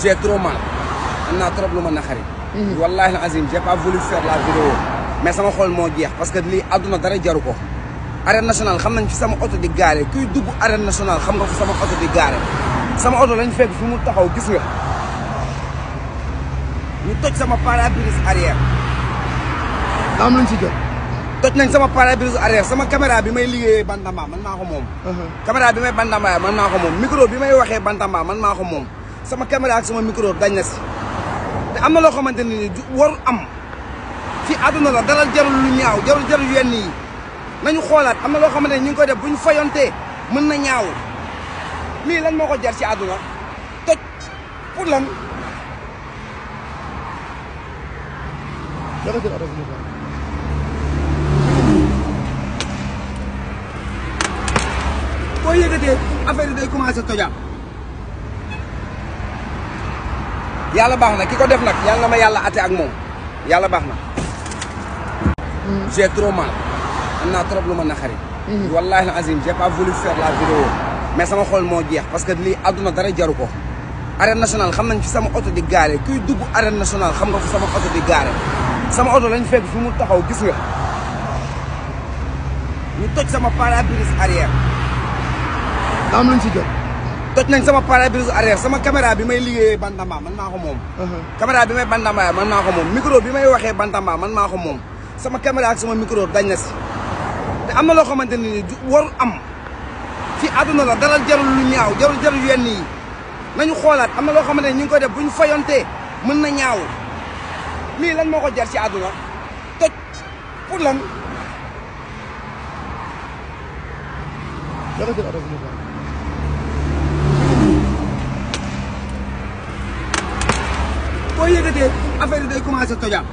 J'ai trop mal. On a trop mal. Wallahi l'azim, j'ai pas voulu faire la vidéo. Mais sama xol moo jeex parce que lii àdduna dara jaru ko. arène nationale xam nañ fi sama oto di gaare kuy dugg arène nationale xam nga fi sama oto di gaare. sama oto lañ fekk fi mu taxaw gis nga. ñu toj sama pare-brise arrière. am luñ ci jot. toj nañ sama pare-brise arrière sama caméra bi may liggéeyee Bantamba man maa ko moom. caméra bi may Bantamba man maa ko moom micro bi may waxee Bantamba man maa ko moom. sama caméra ak sama micro dañ na ci té amna lo xamanteni xamante ni warul am fi aduna la dara jarul lu ñaaw jarul jarul yenn yi nañu xolaat amna lo xamanteni xamante ñu ngi koy def buñ fayonté mën na ñaaw mi lan moko jar ci aduna toj pour lan boo yëgatee affaire yi day commencé tojaat Yalla baax kiko ki ko def nag yàlla na ma yàlla ate ak moom yàlla baax na. Hmm. j'ai trop mal. am naa trop lu ma naxari. Hmm. wallaahi la azim j'ai pas voulu faire la vidéo mais sama xol moo jeex parce que lii àdduna dara jaru arène nationale xam nañ fi sama oto di gaare kuy dugg arène nationale xam nga sama oto di gaare sama oto lañ fekk fi mu taxaw gis nga ñu toj sama pare arrière. am luñ ci jot toj nañ sama para brise arrière sama caméra bi may liggéeyee bandama man mako mom uh-huh. caméra bi may bandama man mako mom micro bi may waxé bandama man mako mom sama caméra ak sama micro dañ na ci te am na loo xamante am ci aduna la dara jarul lu ñaaw jarul jarul yenn yi nañu xolaat amna lo xamanteni ñing ne koy def buñ fayonté mën na ñaaw mi lan moko jar ci aduna toj pour lan. boo yëgatee affaire yi day commencé tojaan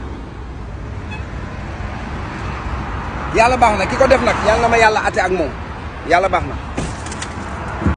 yàlla baax na ki ko def nag yàlla la ma yàlla ate ak moom yàlla baax na